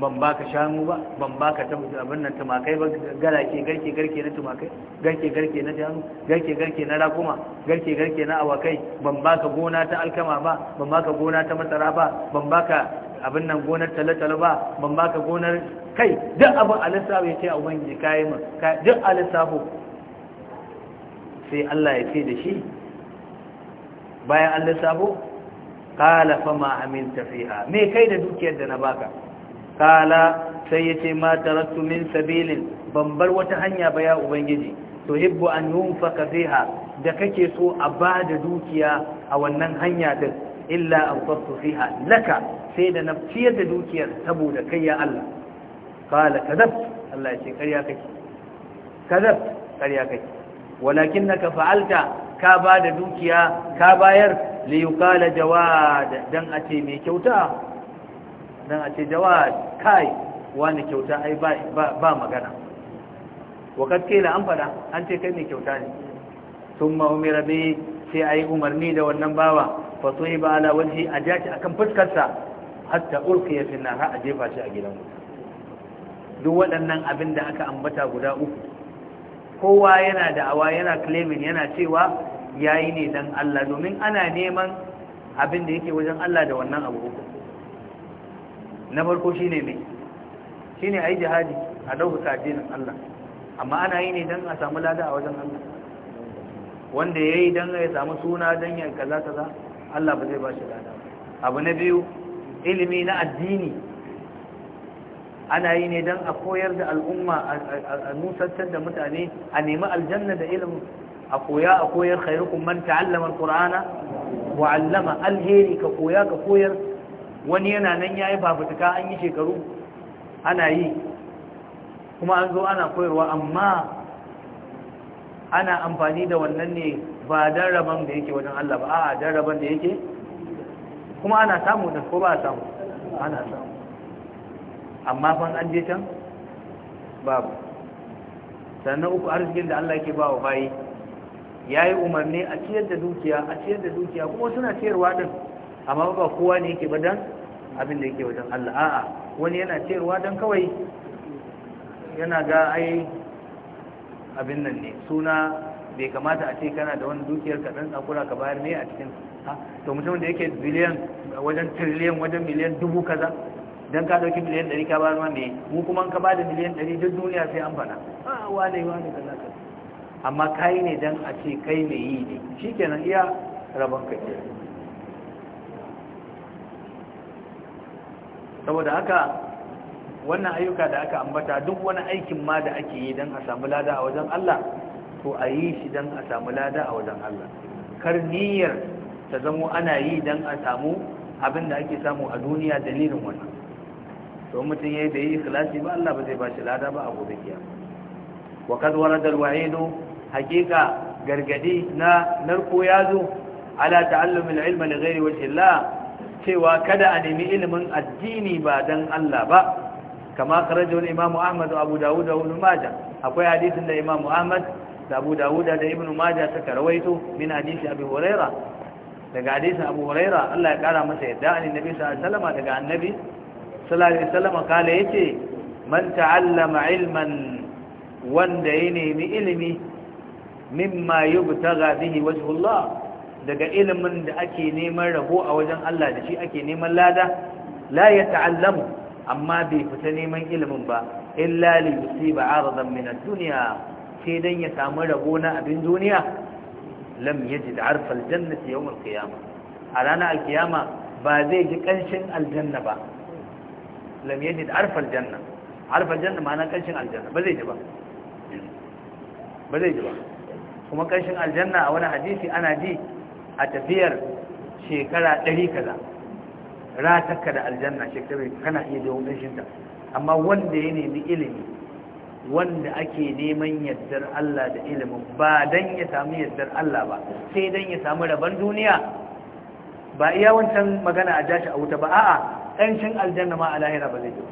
ban ba ka shanu ba ban ba ka tabbata abin nan tumakai ba ke, garke garke na tumakai garke garke na shanu garke garke na rakuma garke garke na awakai ban ba ka gona ta alkama ba ban ba ka gona ta masara ba ban ba ka abin nan gonar talatala ba ban ba ka gonar kai duk abin alisabu ya ce a wani kayi min duk alisabu sai Allah ya ce da shi bayan alisabu kala fama aminta tafiya me kai da dukiyar da na baka kala sai ya ce ma tarattu min sabilin ban bar wata hanya ba ya ubangiji to hibbu an yi yunfaka fiha da kake so a ba da dukiya a wannan hanya din illa an fasu fiha laka sai da nafciyar da dukiyar saboda kai ya Allah kala kadab Allah ya ce karya kake kadab karya kake ka fa'alta ka ba da dukiya ka bayar liyukala jawad dan a ce mai kyauta dan a ce jawa kai wani kyauta ai ba magana wakat kila an fada an ce kai ne kyauta ne sun ma'umira bi sai a umarni da wannan bawa faso yi ba ala waje a jaki akan fuskarsa hatta urkiya fi na ha a jefa shi a gidan duk waɗannan abin da aka ambata guda uku kowa yana da'awa yana claiming yana cewa yayi ne dan Allah domin ana neman abin da yake wajen Allah da wannan abu uku na farko shine mai shine ai jihadi a dauka addinin Allah amma ana yi ne dan a samu lada a wajen Allah wanda ya yi dan ya samu suna dan ya kaza kaza Allah ba zai ba shi lada abu na biyu ilimi na addini ana yi ne dan a koyar da al'umma a nusantar da mutane a nemi aljanna da ilimin a koya a koyar khairukum man ta'allama alqur'ana wa 'allama alheri ka koya ka koyar wani yana nan ya yi fafutuka an yi shekaru ana yi kuma an zo ana koyarwa amma ana amfani da wannan ne ba don rabon da yake wajen Allah ba a don rabon da yake kuma ana samu da ko ba a samu ana samu amma fan an je can babu sannan uku arzikin da Allah yake ba wa bayi ya yi umarni a ciyar da dukiya a ciyar da dukiya kuma suna ciyarwa din amma ba kowa ne yake ba dan abin da yake wajen Allah a'a wani yana cewa don kawai yana ga ai abin nan ne suna bai kamata a ce kana da wani dukiyar ka dan tsakura ka bayar ne a cikin to mutum da yake biliyan wajen tiriliyan wajen miliyan dubu kaza dan ka dauki miliyan 100 ka bayar ma me mu kuma ka bada miliyan 100 duk duniya sai an fada a wane wane kaza kaza amma kai ne dan a ce kai mai yi ne shikenan iya rabon kai saboda haka wannan ayyuka da aka ambata duk wani aikin ma da ake yi don a samu lada a wajen Allah to a yi shi don a samu lada a wajen Allah kar niyyar ta zamo ana yi don a samu abin da ake samu a duniya dalilin wannan to mutum yayi da yi ikhlasi ba Allah ba zai ba shi lada ba a gobe kiyama wa kad warada alwa'idu gargadi na narko zo? ala ta'allum alilma li ghairi wajhi cewa kada a nemi ilimin addini ba dan Allah ba kama karajin Imam Ahmad da Abu Dawud da Ibn Majah akwai hadisin da Imam Ahmad da Abu Dawud da Ibn Majah suka rawaito min hadisi Abi Huraira daga hadisin Abu Huraira Allah ya kara masa yadda annabi sallallahu alaihi wasallam daga annabi sallallahu alaihi wasallam kala yace man ta'allama ilman wanda ya nemi ilimi mimma yubtaga bihi wajhullah daga ilimin da ake neman rabo a wajen Allah da shi ake neman lada la ya ta'allamu amma bai fita neman ilimin ba illa li yusiba aradan min ad-dunya sai dan ya samu rabo na abin duniya lam yajid arfa al-jannati yawm al-qiyamah a ranar al-qiyama ba zai ji kanshin aljanna ba lam yajid arfa al-janna arfa al-janna ma'ana kanshin aljanna ba zai ji ba ba zai ji ba kuma kanshin aljanna a wani hadisi ana ji a tafiyar shekara ɗari kaza ratakka da aljanna shekarar kana iya jawo ɗanshinta amma wanda ya nemi ilimi wanda ake neman yardar Allah da ilimin ba don ya samu yardar Allah ba sai don ya samu rabon duniya ba iya wancan magana a jashi a wuta ba a'a ɗanshin aljanna ma a lahira ba zai zo.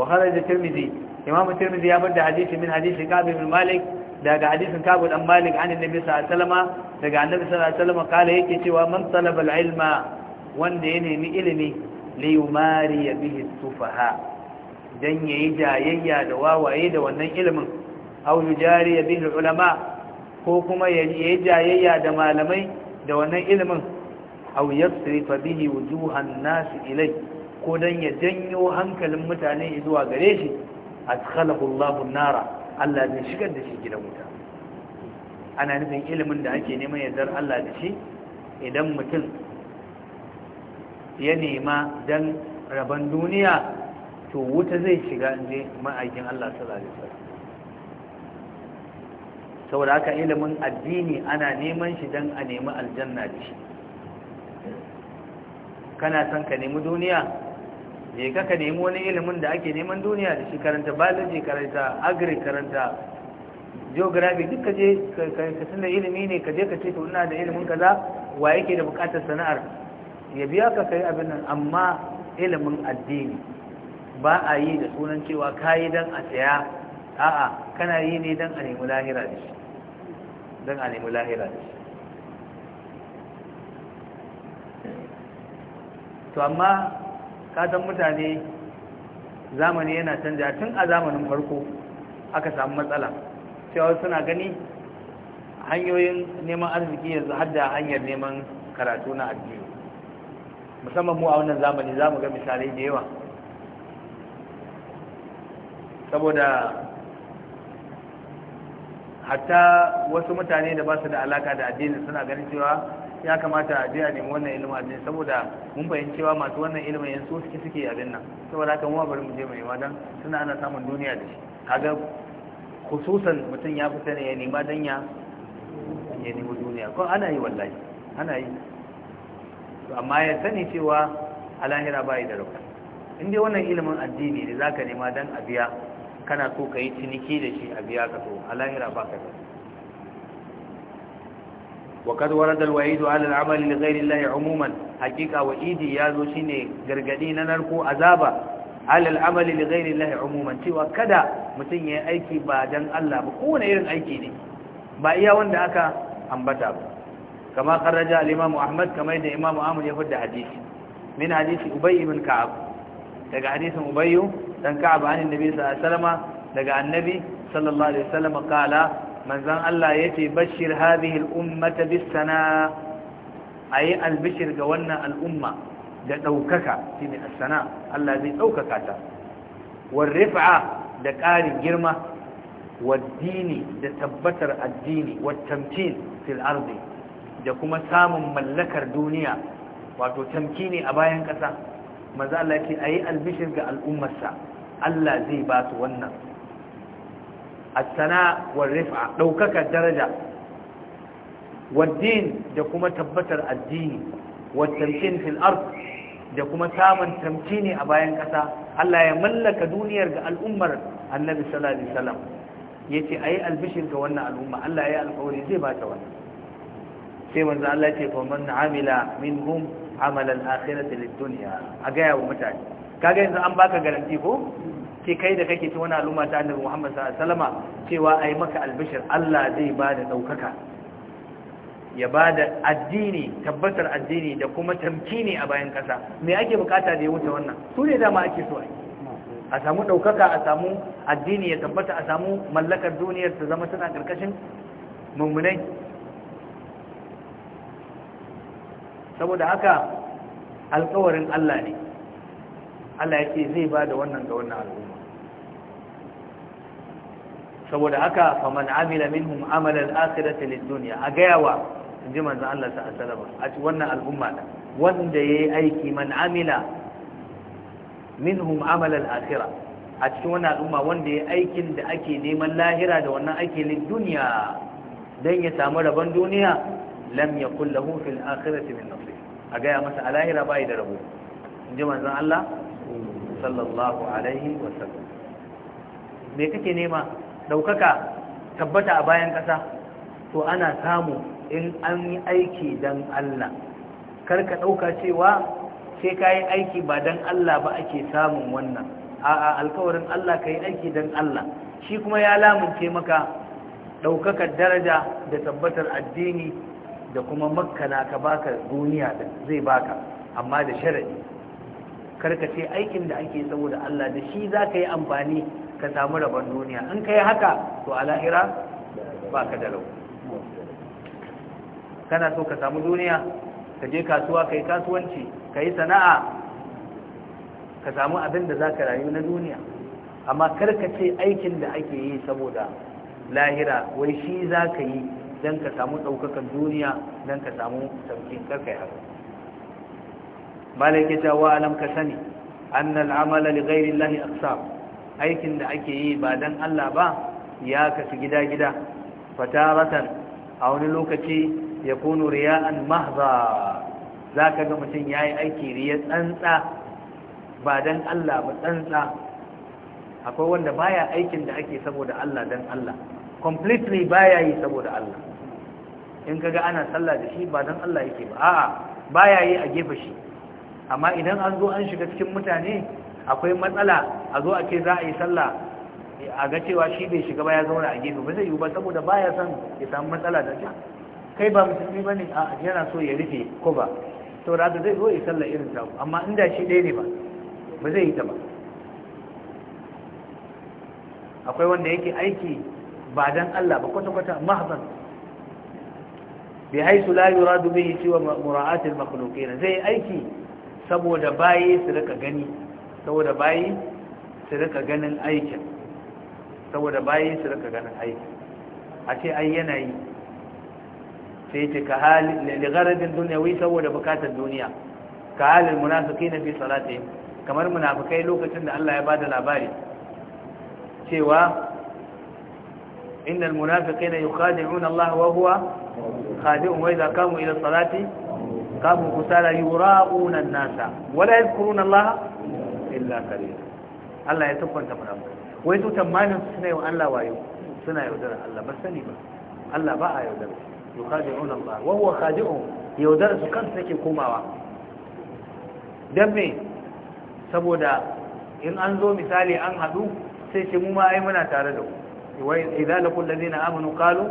wa kharaja tirmidhi imamu tirmidhi ya bar da hadisi min hadisi kabir bin malik daga hadisin kabu dan malik an annabi sallallahu alaihi wasallam daga annabi sallallahu alaihi wasallam kala yake cewa man talaba al-ilma wanda ya nemi ilimi li yumari bihi sufaha dan yayi jayayya da wawaye da wannan ilimin aw yujari bihi ulama ko kuma yayi jayayya da malamai da wannan ilimin aw yasrifa bihi wujuhan nas ilai ko dan ya janyo hankalin mutane zuwa gare shi adkhalahu Allahu nara Allah zai shigar da shi gidan wuta ana nufin ilimin da ake neman yardar Allah da shi idan mutum ya nema don rabon duniya to wuta zai shiga inda ma'aikin Allah sallallahu alaihi saboda haka ilimin addini ana neman shi don a nemi aljanna da shi kana son ka nemi duniya je ka ka nemi wani ilimin da ake neman duniya da shi karanta biology karanta agri karanta geography duk ka ka tunda ilimi ne ka je ka ce to ina da ilimin kaza wa yake da bukatar sana'ar ya biya ka kai abin nan amma ilimin addini ba a yi da sunan cewa kayi dan a tsaya a'a kana yi ne dan a nemi lahira da shi dan a nemi lahira da shi to amma kasan mutane zamani yana canja tun a zamanin farko aka samu matsala cewa suna gani hanyoyin neman arziki yanzu har da hanyar neman karatu na addini musamman mu a wannan zamani za mu ga misalai da yawa saboda hatta wasu mutane da ba su da alaka da addini suna ganin cewa ya kamata a je a nemi wannan ilimin addini saboda mun fahimci cewa masu wannan ilimin yanzu suke suke abin nan saboda haka mu bari mu je mu nema dan suna ana samun duniya da shi kaga khususan mutum ya fita ne ya nema dan ya ya nemi duniya ko ana yi wallahi ana yi amma ya sani cewa a lahira da rauka in dai wannan ilimin addini ne zaka nema dan a biya kana so ka yi ciniki da shi a biya ka so a lahira ba ka da وقد ورد الوعيد على العمل لغير الله عموما حقيقة وعيدي يازو شيني غرغدين نركو عذابا على العمل لغير الله عموما cewa kada ya yi aiki ba dan Allah ba kowane irin aiki ne ba iya wanda aka ambata ba kama kharaja al-imam Ahmad kama da imam Ahmad ya fada hadisi min hadisi Ubay ibn Ka'ab daga hadisin Ubay dan Ka'ab an annabi sallallahu alaihi wasallam daga annabi sallallahu alaihi wasallam manzan Allah ya ce bashir hadhihi al'ummata bis A yi albishir ga wannan al'umma da ɗaukaka, shine sana Allah zai ɗaukaka ta war rif'a da ƙarin girma waddini da tabbatar addini wa tamkin fil da kuma samun mallakar duniya wato tamkini a bayan ƙasa manzo Allah ya ce ayi albishir ga al'ummarsa Allah zai ba su wannan Asana sana rif'a daraja waddin da kuma tabbatar addini wa tamkin fil ard da kuma samun tamkini a bayan kasa Allah ya mallaka duniyar ga al'ummar Annabi sallallahu alaihi wasallam yace ayi albishir ga wannan al'umma Allah ya alƙawari zai ba ta wannan sai manzo Allah ya ce fa man amila minhum amala akhirati lid-dunya a ga yawo mutane kaga yanzu an baka garanti ko ce kai da kake ci wani al'umma ta annabi Muhammad sallallahu alaihi wasallama cewa ai maka albishir Allah zai ba da daukaka ya ba da addini tabbatar addini da kuma tamkini a bayan kasa me ake bukata da ya wuce wannan su ne dama ake so a samu daukaka a samu addini ya tabbata a samu mallakar duniyar ta zama tana karkashin mummunai saboda haka alƙawarin Allah ne Allah ya ce zai ba da wannan ga wannan al'umma saboda haka faman amila minhum amalan akhirati lid-dunya a gayawa inji manzo Allah ta sallama a wannan al'umma da wanda yayi aiki man amila minhum amalan akhirah a cikin wannan al'umma wanda yayi aikin da ake neman lahira da wannan aiki lid-dunya dan ya samu rabon duniya lam yakul lahu fil akhirati min nasib a gaya masa a lahira bai da rabo inji manzo Allah sallallahu alaihi wasallam me kake nema ɗaukaka tabbata a bayan ƙasa to ana samu in an yi aiki don Allah karka ɗauka cewa sai ka yi aiki ba don Allah ba ake samun wannan a alkawarin Allah ka yi aiki don Allah shi kuma ya lamunce maka ɗaukakar daraja da tabbatar addini da kuma makana ka baka duniya da zai baka amma da sharadi karka ce aikin da ake saboda Allah da shi za ka yi amfani ka samu rabon duniya in kai haka to a lahira ba ka da rau kana so ka samu duniya ka je kasuwa ka yi kasuwanci ka yi sana'a ka samu abin da za ka rayu na duniya amma kar ka ce aikin da ake yi saboda lahira wai shi za ka yi don ka samu ɗaukakan duniya don ka samu sauƙin karkai yi haka malaka ta wa alam ka sani annal amala li ghairi llahi aqsam aikin da ake yi ba dan Allah ba ya kasu gida-gida fataratan a wani lokaci ya kunu riya'an mahza za ka ga mutum ya yi aiki riya tsantsa ba dan Allah ba tsantsa akwai wanda baya aikin da ake saboda Allah dan Allah completely baya yi saboda Allah in kaga ana sallah da shi ba dan Allah yake ba a'a baya yi a gefe shi amma idan an zo an shiga cikin mutane akwai matsala a zo ake za a yi sallah a ga cewa shi bai shiga ba ya zauna a gefe ba zai yiwu ba saboda baya son ya samu matsala da ta kai ba musulmi ba ne yana so ya rufe ko ba to haka zai zo ya sallah irin ta amma inda shi ɗaya ne ba ba zai yi ta ba akwai wanda yake aiki ba dan Allah ba kwata-kwata mahzan bi haisu la yuradu bihi siwa mura'atil makhluqin zai aiki saboda baye su rika gani saboda bayi su rika ganin aikin saboda bayi su rika ganin aikin a ce ai yanayi. sai ce ka halin duniya, wai saboda bukatar duniya ka halin munafiki na fi salatihim kamar munafikai lokacin da Allah ya bada labari cewa innal munafiqina yukhadi'una Allah wa huwa khadi'un wa idha qamu ila salati qamu kusala yura'una an-nasa wa la yadhkuruna Allah illa qalila Allah ya tabbata mana wai su tamanin suna yau Allah wayo suna yaudara Allah ba sani ba Allah ba a yaudara yukhadi'un Allah wa huwa khadi'un yaudara su kansu take komawa dan me saboda in an zo misali an hadu sai ce mu ma ai muna tare da ku wa idza laqul ladina amanu qalu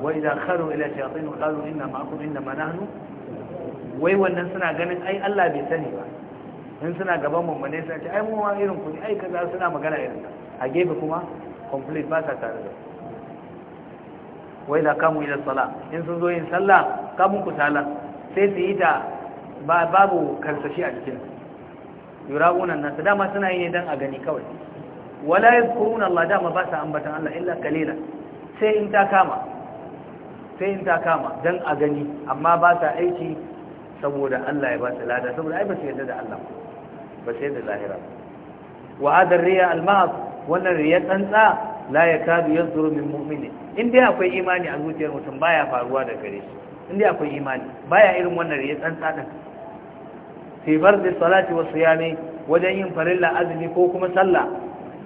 wa idza kharu ila shayatin qalu inna ma'akum inna ma nahnu wai wannan suna ganin ai Allah bai sani ba in suna gaban mummune suna ce ai mu ma irin ku ai kaza suna magana irin a gefe kuma complete ba sa tare da wai da kamu ila sala in sun zo yin sallah kamun ku sala sai su yi ta babu karsashi a cikin yura'unan nasu dama suna yi ne dan a gani kawai wala yadhkuruna Allah dama ba sa ambata Allah illa kalila sai in ta kama sai in ta kama dan a gani amma ba sa aiki saboda Allah ya ba su lada saboda ai ba su yarda da Allah ba ba sai da zahira wa hadar riya almahab wannan riya tsantsa la ya kadu yanzuru min mu'mini in dai akwai imani a zuciyar mutum baya faruwa da gare shi in dai akwai imani baya irin wannan riya tsantsa din fi fardi salati wa siyami wajen yin farilla azumi ko kuma sallah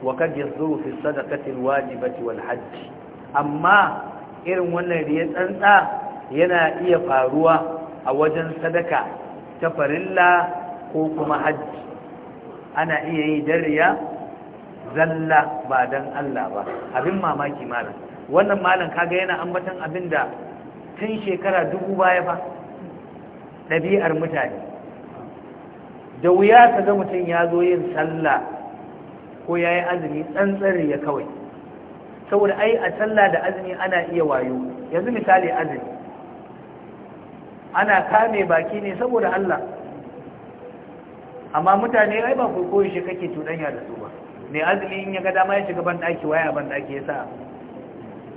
wa kad yanzuru fi sadaqati alwajibati wal hajj amma irin wannan riya tsantsa yana iya faruwa a wajen sadaka ta farilla ko kuma hajji ana iya yi dariya zalla ba dan Allah ba abin mamaki malam wannan malam kaga yana ambatan abin da tun shekara dubu baya ba ɗabi'ar mutane da wuya ka ga mutum ya zo yin sallah ko ya yi azumi tsantsari ya kawai saboda ai a sallah da azumi ana iya wayo yanzu misali azumi ana kame baki ne saboda Allah amma mutane ai ba ko koyi shi kake tunanya da su ba mai azumi in ya ga dama ya shiga ban waya ban ya sa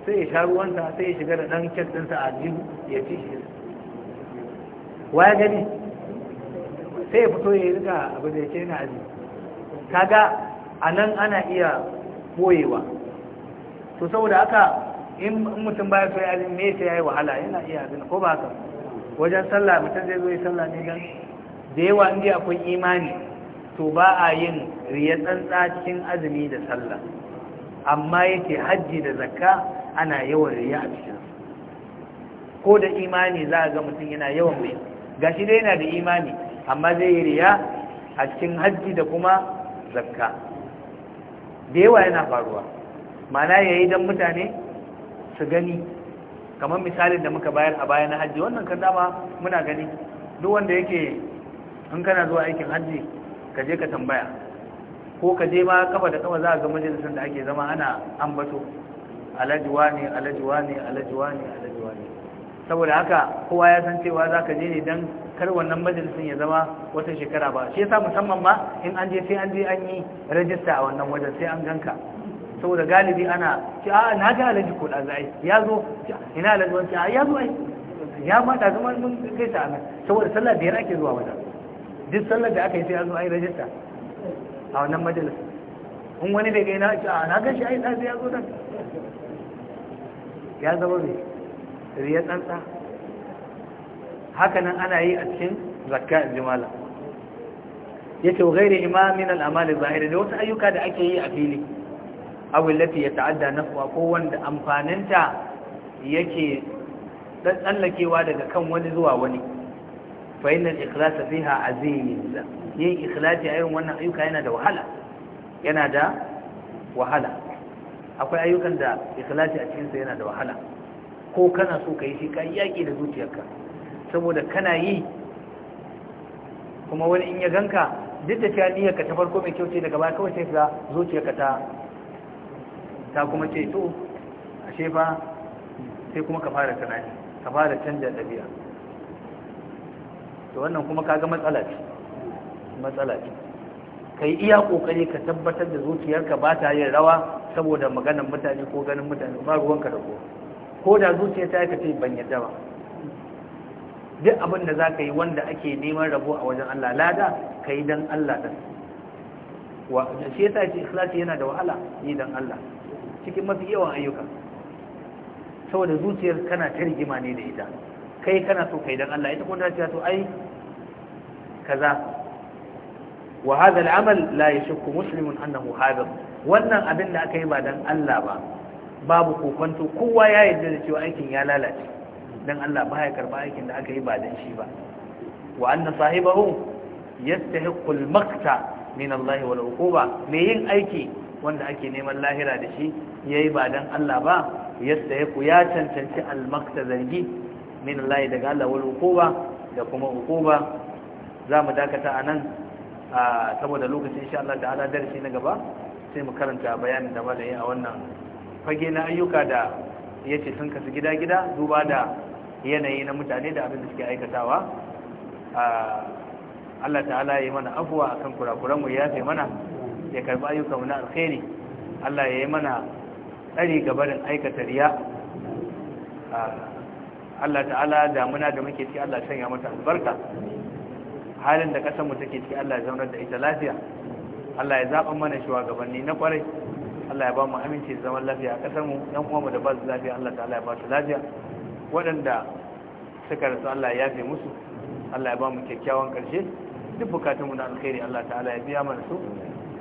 sai ya sha ruwansa sai ya shiga da ɗan kyan sa a jin ya ci shi waya gani sai ya fito ya riga abu da yake ce na azumi kaga a nan ana iya koyewa to saboda haka in mutum baya so ya azumi me sai ya yi wahala yana iya azumi ko ba haka wajen sallah mutum zai zo ya sallah ne gan da yawa inda akwai imani to ba a yin riya tsantsa cikin azumi da sallah amma yake hajji da zakka ana yawan riya a cikin ko da imani za a ga mutum yana yawan mai gashi dai yana da imani amma zai yi riya a cikin hajji da kuma zakka da yawa yana faruwa mana yayi dan mutane su gani kamar misalin da muka bayar a baya na hajji wannan kan dama muna gani duk wanda yake in kana zuwa aikin hajji ka je ka tambaya ko ka je ma kafa da kafa za a ga majalisar da ake zama ana ambato alajuwa ne alajuwa ne alajuwa ne alajuwa ne saboda haka kowa ya san cewa za ka je ne don kar wannan majalisun ya zama wata shekara ba shi yasa musamman ma in an je sai an je an yi rajista a wannan wajen sai an ganka saboda galibi ana ki a na ga alaji ko ɗazu ai ya zo ina alaji wani ya zo ai ya ma zama ma mun kai a nan saboda sallah biyar ake zuwa wajen duk sallar da aka yi sai a zo a yi rajista a wannan majalis in wani da yana na gan shi yi sai ya zo nan ya zama mai riya tsantsa Hakanan ana yi a cikin zakka jimala ya ce gairi imamin al'amali zahiri da wasu ayyuka da ake yi a fili abin lati ya ta'adda na kuwa ko wanda amfaninta yake ɗan tsallakewa daga kan wani zuwa wani fa innal ikhlasa fiha aziz yin ikhlasi a irin wannan ayyuka yana da wahala yana da wahala akwai ayyukan da ikhlasi a cikinsa yana da wahala ko kana so ka yi shi ka yaƙi da zuciyarka saboda kana yi kuma wani in ya ganka duk da cewa niyyar ka ta farko mai kyau ce daga baya kawai sai ka zuciyarka ta ta kuma ce to ashe fa sai kuma ka fara tunani ka fara canja ɗabi'a to wannan kuma kaga matsala ce matsala ce kai iya kokari ka tabbatar da zuciyarka ba ta yin rawa saboda maganar mutane ko ganin mutane ba ruwanka da ko ko da zuciya ta ka ce ban yadda ba duk abin da za ka yi wanda ake neman rabo a wajen Allah lada ka yi don Allah da shi yasa ce ikhlasi yana da wahala yi don Allah cikin mafi yawan ayyuka saboda zuciyar kana ta rigima ne da ita kai kana so kai dan Allah ita ko ta ce to ai kaza wa hadha al-amal la yashukku muslimun annahu hadha wannan abin da aka yi ba dan Allah ba babu kokonto kowa ya yarda da cewa aikin ya lalace dan Allah ba ya karba aikin da aka yi ba dan shi ba wa anna sahibahu yastahiqqu al-maqta min Allah wal uquba me yin aiki wanda ake neman lahira da shi yayi ba dan Allah ba yastahiqu ya cancanci al-maqta zargi min Allah daga Allah wal hukuma da kuma hukuma za mu dakata a nan saboda lokacin insha Allah ta'ala darasi na gaba sai mu karanta bayanin da malaye a wannan fage na ayyuka da yace sun kasu gida-gida duba da yanayi na mutane da abin da suke aikatawa Allah ta'ala ya yi mana afuwa akan mu ya yafe mana ya karbi mu na alkhairi Allah ya yi mana tsari gabarin aikata riya Allah ta'ala damuna da muke ciki Allah sanya mata albarka halin da kasar mu take ciki Allah ya zaunar da ita lafiya Allah ya zaɓa mana shugabanni na kwarai Allah ya ba mu aminci da zaman lafiya a kasar mu yan mu da ba su lafiya Allah ta'ala ya ba su lafiya waɗanda suka rasu Allah ya yafe musu Allah ya ba mu kyakkyawan ƙarshe duk bukatunmu na alkhairi Allah ta'ala ya biya mana su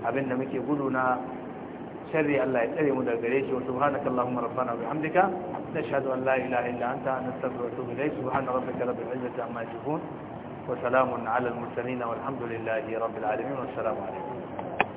abinda muke gudu na sharri Allah ya tsare mu daga gare shi wa subhanakallahumma rabbana wa bihamdika نشهد أن لا إله إلا أنت نستغفرك وأتوب إليك سبحان ربك رب العزة عما يصفون وسلام على المرسلين والحمد لله رب العالمين والسلام عليكم